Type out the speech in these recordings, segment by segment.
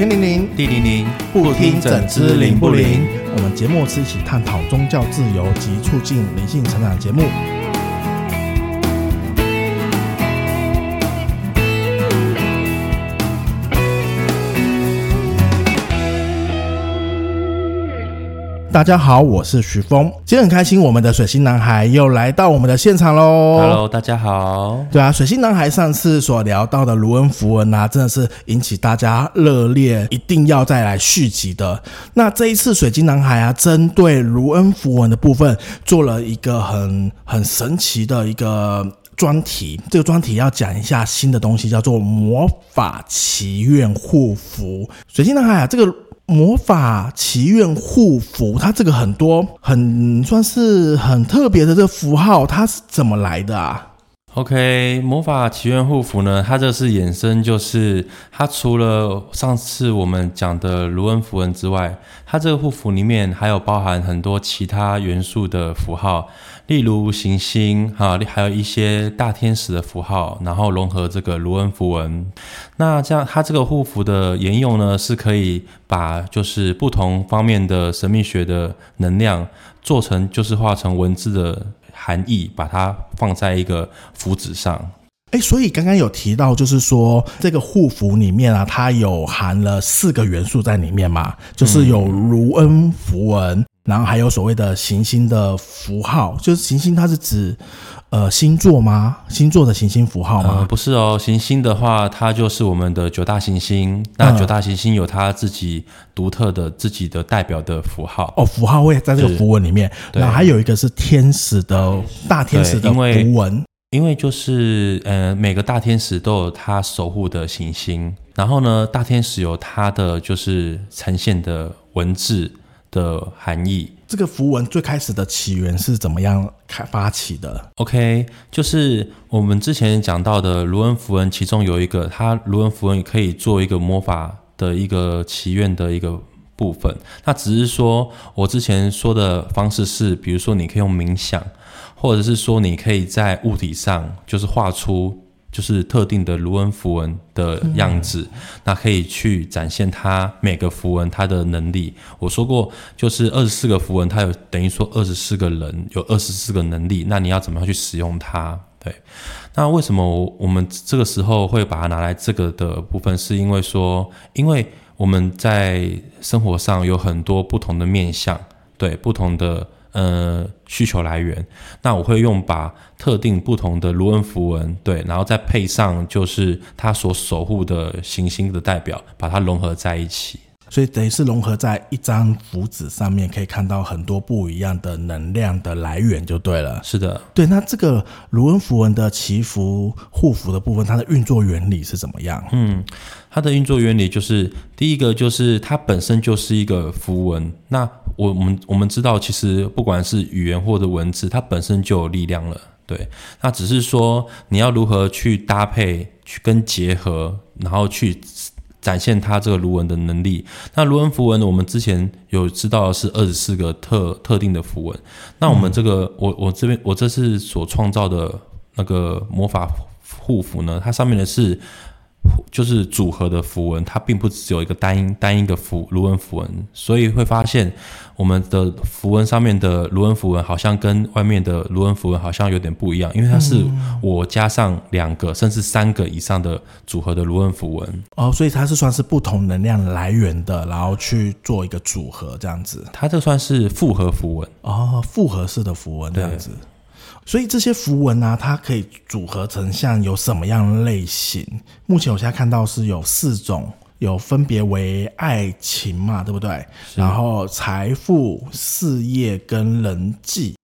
天靈靈，地靈靈，不聽怎知靈不靈？我們節目是一起探討宗教自由及促進靈性成長的節目。大家好，我是徐峰。今天很開心，我們的水星男孩又來到我們的現場嘍。Hello，大家好。對啊，水星男孩上次所聊到的盧恩符文啊，真的是引起大家熱烈，一定要再來續集的。那這一次，水星男孩啊，針對盧恩符文的部分，做了一個很，很神奇的一個專題。這個專題要講一下新的東西，叫做魔法祈願護符。水星男孩啊，這個。魔法祈願護符，它這個很多很算是很特別的這個符號，它是怎麼來的啊？OK，魔法祈願護符呢，它這是衍生，就是它除了上次我們講的盧恩符文之外，它這個護符裡面還有包含很多其他元素的符號，例如行星哈，還有一些大天使的符號，然後融合這個盧恩符文。那這樣它這個護符的沿用呢，是可以把就是不同方面的神秘學的能量做成，就是化成文字的。含義，把它放在一個符紙上。哎、欸，所以剛剛有提到，就是說這個護符裡面啊，它有含了四個元素在裡面嘛，就是有盧恩符文、嗯，然後還有所謂的行星的符號，就是行星，它是指。呃，星座嗎？星座的行星符號嗎、呃？不是哦，行星的話，它就是我們的九大行星。那九大行星有它自己獨特的、呃、自己的代表的符號。哦，符號會也在這個符文裡面對。那還有一個是天使的大天使的符文，因為，因為就是嗯、呃，每個大天使都有它守護的行星。然後呢，大天使有它的就是呈現的文字的含義。這個符文最開始的起源是怎麼樣開發起的？OK，就是我們之前講到的盧恩符文，其中有一個，它盧恩符文也可以做一個魔法的一個祈願的一個部分。那只是說我之前說的方式是，比如說你可以用冥想，或者是說你可以在物體上就是畫出。就是特定的盧恩符文的樣子，嗯嗯，那可以去展現它每個符文它的能力。我說過，就是二十四個符文，它有等於說二十四個人，有二十四個能力。那你要怎麼樣去使用它？對，那為什麼我們這個時候會把它拿來這個的部分？是因為說，因為我們在生活上有很多不同的面向，對，不同的嗯。呃需求來源，那我會用把特定不同的盧恩符文，對，然後再配上就是它所守護的行星的代表，把它融合在一起。所以等於是融合在一張符紙上面，可以看到很多不一樣的能量的來源就對了。是的，對。那這個盧恩符文的祈福護符的部分，它的運作原理是怎麼樣？嗯，它的運作原理就是第一個就是它本身就是一個符文。那我我們我們知道，其實不管是語言或者文字，它本身就有力量了。對，那只是說你要如何去搭配、去跟結合，然後去。展現它這個盧恩的能力。那盧恩符文呢？我們之前有知道的是二十四個特特定的符文。那我們這個，嗯、我我這邊我這次所創造的那個魔法護符呢，它上面的是。就是組合的符文，它並不只有一個單單一的符盧恩符文，所以會發現我們的符文上面的盧恩符文好像跟外面的盧恩符文好像有點不一樣，因為它是我加上兩個、嗯、甚至三個以上的組合的盧恩符文。哦，所以它是算是不同能量來源的，然後去做一個組合這樣子。它這算是複合符文哦，複合式的符文這樣子。所以這些符文呢、啊，它可以組合成像有什麼樣類型？目前我現在看到是有四種，有分別為愛情嘛，對不對？然後財富、事業跟人際。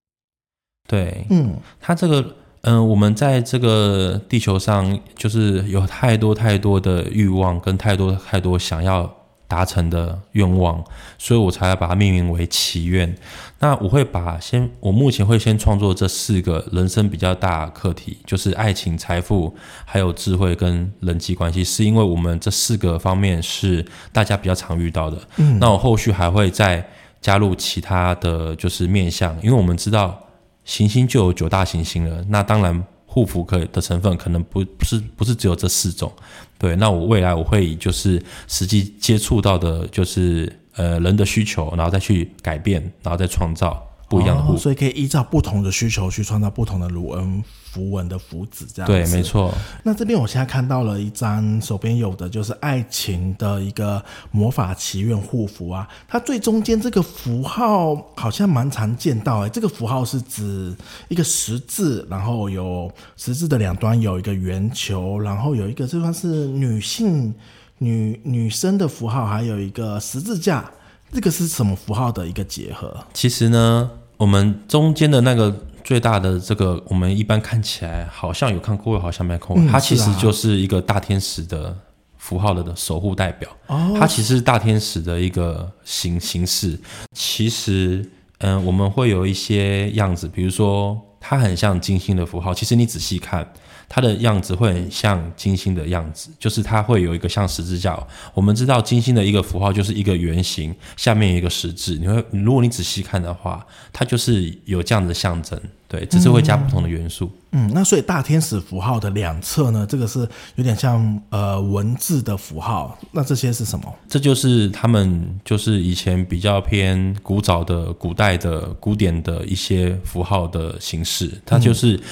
對，嗯，它這個，嗯、呃，我們在這個地球上，就是有太多太多的慾望跟太多太多想要達成的願望，所以我才要把它命名為祈願。那我會把先，我目前會先創作這四個人生比較大課題，就是愛情、財富，還有智慧跟人際關係，是因為我們這四個方面是大家比較常遇到的。嗯。那我後續還會再加入其他的就是面向，因為我們知道行星就有九大行星了。那當然。護符的成分可能不，不是不是只有這四種，對。那我未來我會以就是實際接觸到的，就是呃人的需求，然後再去改變，然後再創造。不一樣的、哦，所以可以依照不同的需求去創造不同的盧恩符文的符紙，這樣對，沒錯。那這邊我現在看到了一張手邊有的，就是愛情的一個魔法祈願護符啊，它最中間這個符號好像蠻常見到哎、欸，這個符號是指一個十字，然後有十字的兩端有一個圓球，然後有一個這算是女性、女、女生的符號，還有一個十字架。這個是什麼符號的一個結合？其實呢，我們中間的那個最大的這個，我們一般看起來好像有看過，好像沒看過，嗯啊，它其實就是一個大天使的符號的守護代表。哦，它其實是大天使的一個形形式。其實，嗯，我們會有一些樣子，比如說，它很像金星的符號。其實你仔細看。它的樣子會很像金星的樣子，嗯，就是它會有一個像十字架。我們知道金星的一個符號就是一個圓形，下面有一個十字。你會如果你仔細看的話，它就是有這樣的象徵。對，只是會加不同的元素。嗯，嗯，那所以大天使符號的兩側呢，這個是有點像呃文字的符號。那這些是什麼？這就是他們就是以前比較偏古早的，古代的，古典的一些符號的形式。它就是。嗯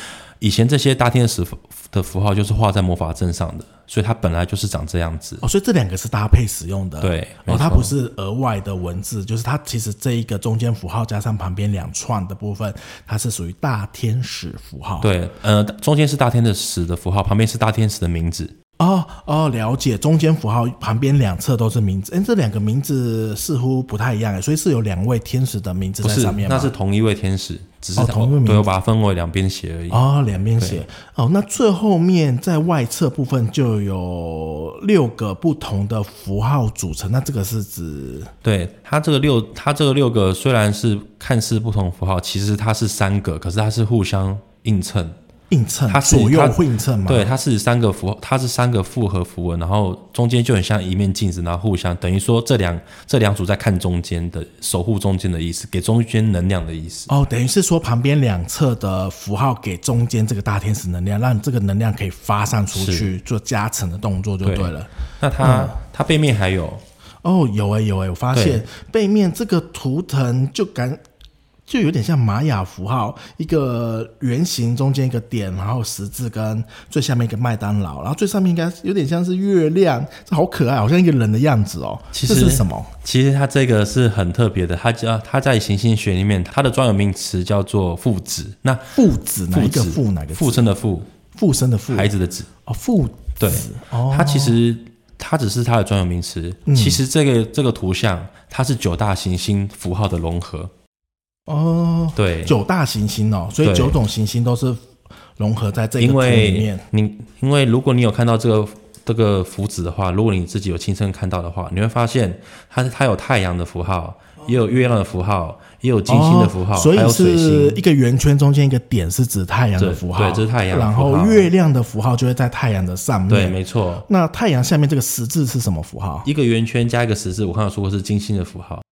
以前這些大天使的符號就是畫在魔法陣上的，所以它本來就是長這樣子。哦，所以這兩個是搭配使用的。對，然後、哦、它不是額外的文字，就是它其實這一個中間符號加上旁邊兩串的部分，它是屬於大天使符號。對，呃，中間是大天使的符號，旁邊是大天使的名字。哦哦，了解。中間符號旁邊兩側都是名字，哎、欸，這兩個名字似乎不太一樣哎，所以是有兩位天使的名字在上面嗎？不是，那是同一位天使，只是、哦、同一個名字。對，我把它分為兩邊寫而已。哦，兩邊寫。哦，那最後面在外側部分就有六個不同的符號組成，那這個是指？對，它這個六，它這個六個雖然是看似不同符號，其實它是三個，可是它是互相映襯，它左右嗎？它是它，對，它是三個符號，它是三個複合符文，然後中間就很像一面鏡子，然後互相等於說，這兩這兩組在看中間的守護中間的意思，給中間能量的意思。哦，等於是說旁邊兩側的符號給中間這個大天使能量，讓這個能量可以發散出去做加成的動作就對了。對，那它、嗯、它背面還有？哦，有哎、欸、有哎、欸，我發現背面這個圖騰就感。就有點像瑪雅符號，一個圓形中間一個點，然後十字跟最下面一個麥當勞，然後最上面應該有點像是月亮，這好可愛，好像一個人的樣子哦、喔。其實是什麼？其實它這個是很特別的，它叫它在行星學裡面，它的專有名詞叫做父子。那父子，父子哪一個父？哪個子？父生的父？父生的父，孩子的子。哦，父子。對，哦、它其實它只是它的專有名詞、嗯。其實這個這個圖像，它是九大行星符號的融合。哦，對，九大行星哦，所以九種行星都是融合在這一個圖裡面。因你因為如果你有看到這個這個符紙的話，如果你自己有親身看到的話，你會發現它是它有太陽的符號，也有月亮的符號，也有金星的符號，哦，所以是一個圓圈中間一個點是指太陽的符號，對，對，這是太陽。然後月亮的符號就會在太陽的上面，對，沒錯。那太陽下面這個十字是什麼符號？一個圓圈加一個十字，我剛剛說過是金星的符號。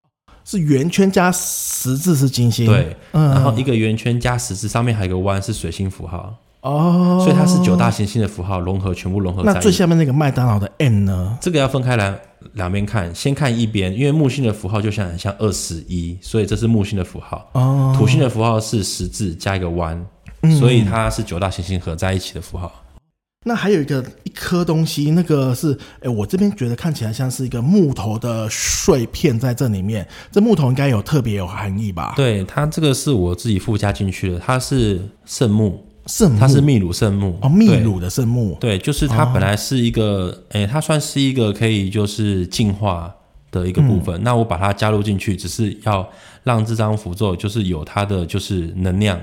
是圓圈加十字是金星，對，嗯、然後一個圓圈加十字上面還有一個彎是水星符號哦，所以它是九大行星的符號融合，全部融合在。那最下面那個麥當勞的 M 呢？這個要分開來兩邊看，先看一邊，因為木星的符號就像很像二十一，所以這是木星的符號。哦，土星的符號是十字加一個彎，嗯、所以它是九大行星合在一起的符號。那還有一個一顆東西，那個是哎、欸，我這邊覺得看起來像是一個木頭的碎片在這裡面。這木頭應該有特別有含義吧？對，它這個是我自己附加進去的，它是聖木，聖木它是秘魯聖木哦，秘魯的聖木。對，就是它本來是一個，哎、哦欸，它算是一個可以就是淨化的一個部分。嗯、那我把它加入進去，只是要讓這張符咒就是有它的就是能量。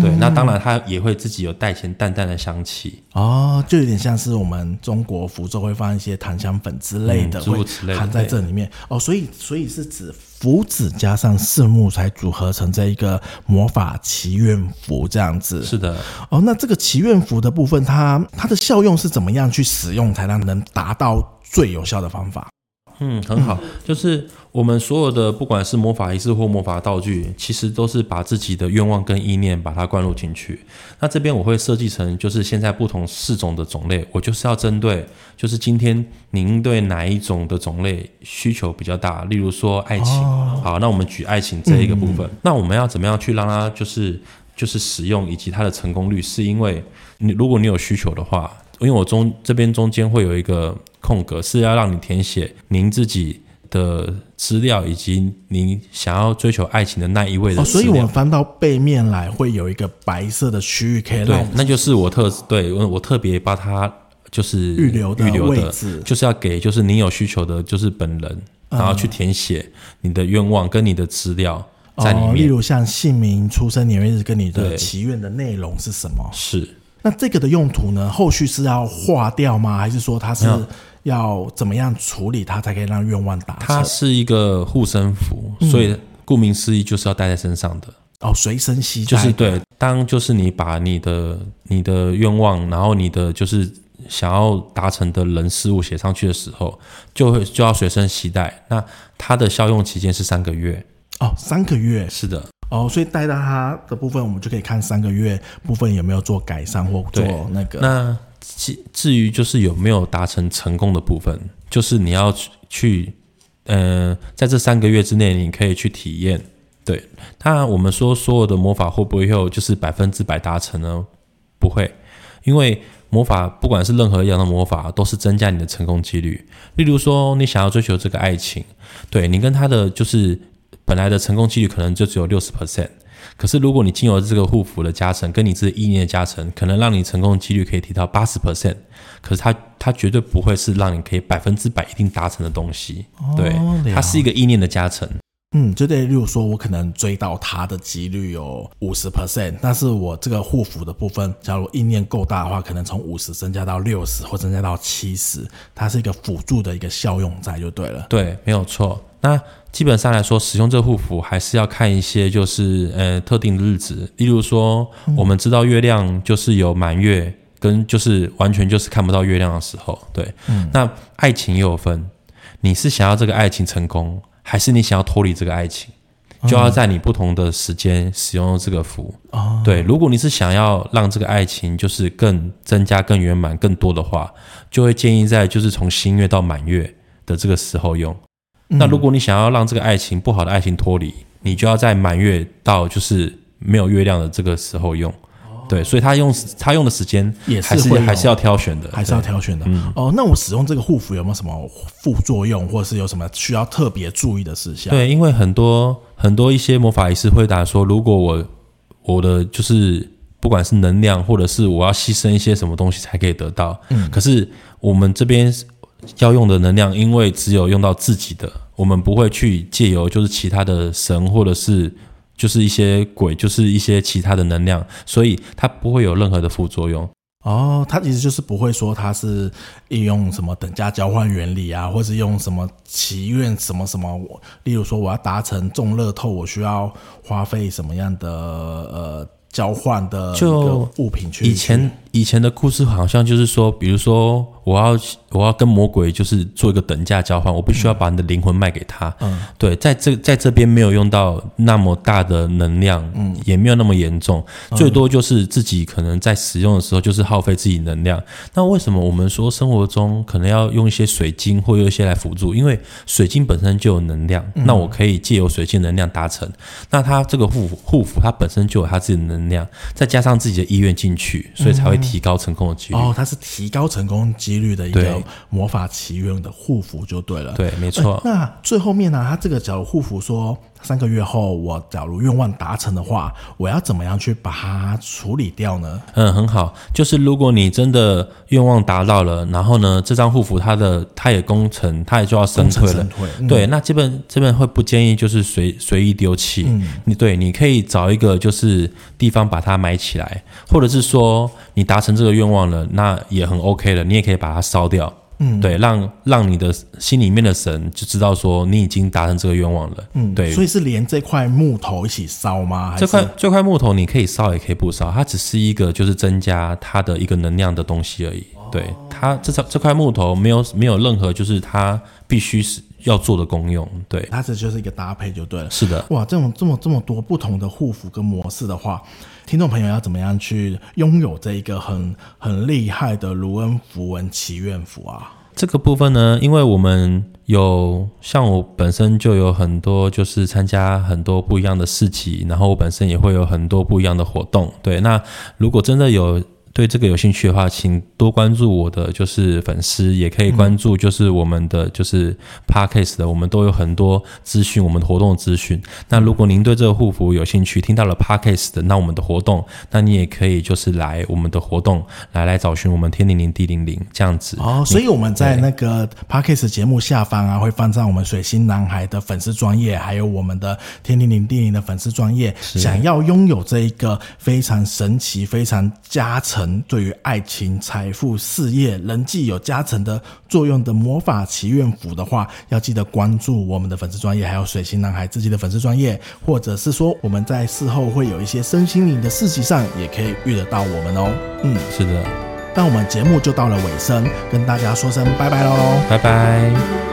對，那當然它也會自己有帶一些淡淡的香氣、嗯、哦，就有點像是我們中國福州會放一些檀香粉之類的，會含在這裡面、嗯、哦。所以，所以是指符紙加上聖木才組合成這一個魔法祈願符這樣子。是的，哦，那這個祈願符的部分，它它的效用是怎麼樣去使用，才能能達到最有效的方法？嗯，很好、嗯，就是我們所有的，不管是魔法儀式或魔法道具，其實都是把自己的願望跟意念把它灌入進去。那這邊我會設計成，就是現在不同四種的種類，我就是要針對，就是今天您對哪一種的種類需求比較大，例如說愛情，哦、好，那我們舉愛情這一個部分，嗯、那我們要怎麼樣去讓它就是就是使用以及它的成功率，是因為你如果你有需求的話。因為我中這邊中間會有一個空格，是要讓你填寫您自己的資料，以及您想要追求愛情的那一位的哦。所以，我們翻到背面來，會有一個白色的區域可以，可對，那就是我特對，我特別把它就是預留預留的位置，就是要給就是你有需求的，就是本人，嗯、然後去填寫你的願望跟你的資料在裡面、哦，例如像姓名出、出生年月日，跟你祈的祈願的內容是什麼是。那這個的用途呢？後續是要化掉嗎？還是說它是要怎麼樣處理它，才可以讓願望達成？它是一個護身符，嗯，所以顧名思義就是要帶在身上的。哦，隨身攜帶。就是對，當就是你把你的你的願望，然後你的就是想要達成的人事物寫上去的時候，就會就要隨身攜帶。那它的效用期間是三個月。哦，三個月。是的。哦，所以帶到它的部分，我們就可以看三個月部分有沒有做改善或做那個。那至至於就是有沒有達成成功的部分，就是你要去，嗯、呃，在這三個月之內，你可以去體驗。對，那我們說所有的魔法會不會有就是百分之百達成呢？不會，因為魔法不管是任何一樣的魔法，都是增加你的成功幾率。例如說，你想要追求這個愛情，對你跟他的就是。本來的成功幾率可能就只有六十 percent，可是如果你經由這個護符的加成，跟你這個意念的加成，可能讓你成功的幾率可以提到八十 percent，可是它它絕對不會是讓你可以百分之百一定達成的東西哦。對，它是一個意念的加成。哦對啊、嗯，就對，例如說，我可能追到它的幾率有五十 percent，但是我這個護符的部分，假如意念夠大的話，可能從五十增加到六十，或增加到七十，它是一個輔助的一個效用在就對了。對，沒有錯。那基本上來說，使用這護符還是要看一些，就是呃特定的日子，例如說，我們知道月亮就是有滿月跟就是完全就是看不到月亮的時候，對，嗯。那愛情也有分，你是想要這個愛情成功，還是你想要脫離這個愛情，就要在你不同的時間使用這個符哦。嗯，對，如果你是想要讓這個愛情就是更增加、更圓滿、更多的話，就會建議在就是從新月到滿月的這個時候用。嗯、那如果你想要讓這個愛情，不好的愛情脫離，你就要在滿月到就是沒有月亮的這個時候用，哦、對，所以他用他用的時間也是會還是要挑選的，還是要挑選的。嗯、哦，那我使用這個護符有沒有什麼副作用，或者是有什麼需要特別注意的事項？對，因為很多很多一些魔法儀式回答說，如果我我的就是不管是能量，或者是我要犧牲一些什麼東西才可以得到，嗯，可是我們這邊。要用的能量，因為只有用到自己的，我們不會去借由就是其他的神或者是就是一些鬼，就是一些其他的能量，所以它不會有任何的副作用。哦，它其實就是不會說它是應用什麼等價交換原理啊，或是用什麼祈願什麼什麼。例如說，我要達成中樂透，我需要花費什麼樣的呃交換的物品去以前。以前的故事好像就是說，比如說我要我要跟魔鬼就是做一個等價交換，我不需要把你的靈魂賣給他。嗯，對，在這在這邊沒有用到那麼大的能量，嗯，也沒有那麼嚴重，最多就是自己可能在使用的時候就是耗費自己能量。嗯。那為什麼我們說生活中可能要用一些水晶或有一些來輔助？因為水晶本身就有能量，那我可以借由水晶能量達成。嗯。那它這個護護符它本身就有它自己的能量，再加上自己的意願進去，所以才會。提高成功的幾率哦。它是提高成功幾率的一個魔法祈願的護符就對了，對，對沒錯、欸。那最後面呢、啊？它這個叫護符說。三個月後，我假如願望達成的話，我要怎麼樣去把它處理掉呢？嗯，很好，就是如果你真的願望達到了，然後呢，這張護符它的它也功成，它也就要身退了身退，嗯。對，那這邊這邊會不建議就是隨隨意丟棄。嗯，你對，你可以找一個就是地方把它埋起來，或者是說你達成這個願望了，那也很 OK 了，你也可以把它燒掉。嗯，對，讓讓你的心裡面的神就知道說你已經達成這個願望了。嗯，對，所以是連這塊木頭一起燒嗎？還是這塊，這塊木頭你可以燒也可以不燒，它只是一個就是增加它的一個能量的東西而已。哦，對，它這這這塊木頭沒有沒有任何，就是它必須是。要做的功用，對，它這就是一個搭配就對了。是的，哇，這種這麼這麼多不同的護符跟模式的話，聽眾朋友要怎麼樣去擁有這一個很很厲害的盧恩符文祈願符啊？這個部分呢，因為我們有像我本身就有很多，就是參加很多不一樣的事情，然後我本身也會有很多不一樣的活動。對，那如果真的有。對這個有興趣的話，請多關注我的，就是粉絲也可以關注，就是我們的就是 Podcast 的。嗯，我們都有很多資訊，我們的活動的資訊。那如果您對這個護符有興趣，聽到了 Podcast 的，那我們的活動，那你也可以就是來我們的活動，來來找尋我們天靈靈地靈靈這樣子。哦，所以我們在那個 Podcast 節目下方啊，會放上我們水星男孩的粉絲專頁，還有我們的天靈靈地靈靈的粉絲專頁。想要擁有這一個非常神奇、非常加成。對於愛情、財富、事業、人際有加成的作用的魔法祈願符的話，要記得關注我們的粉絲專頁，還有水星男孩自己的粉絲專頁，或者是說我們在事後會有一些身心靈的事迹上，也可以遇得到我們哦。嗯，是的，那我們節目就到了尾聲，跟大家說聲拜拜嘍，拜拜。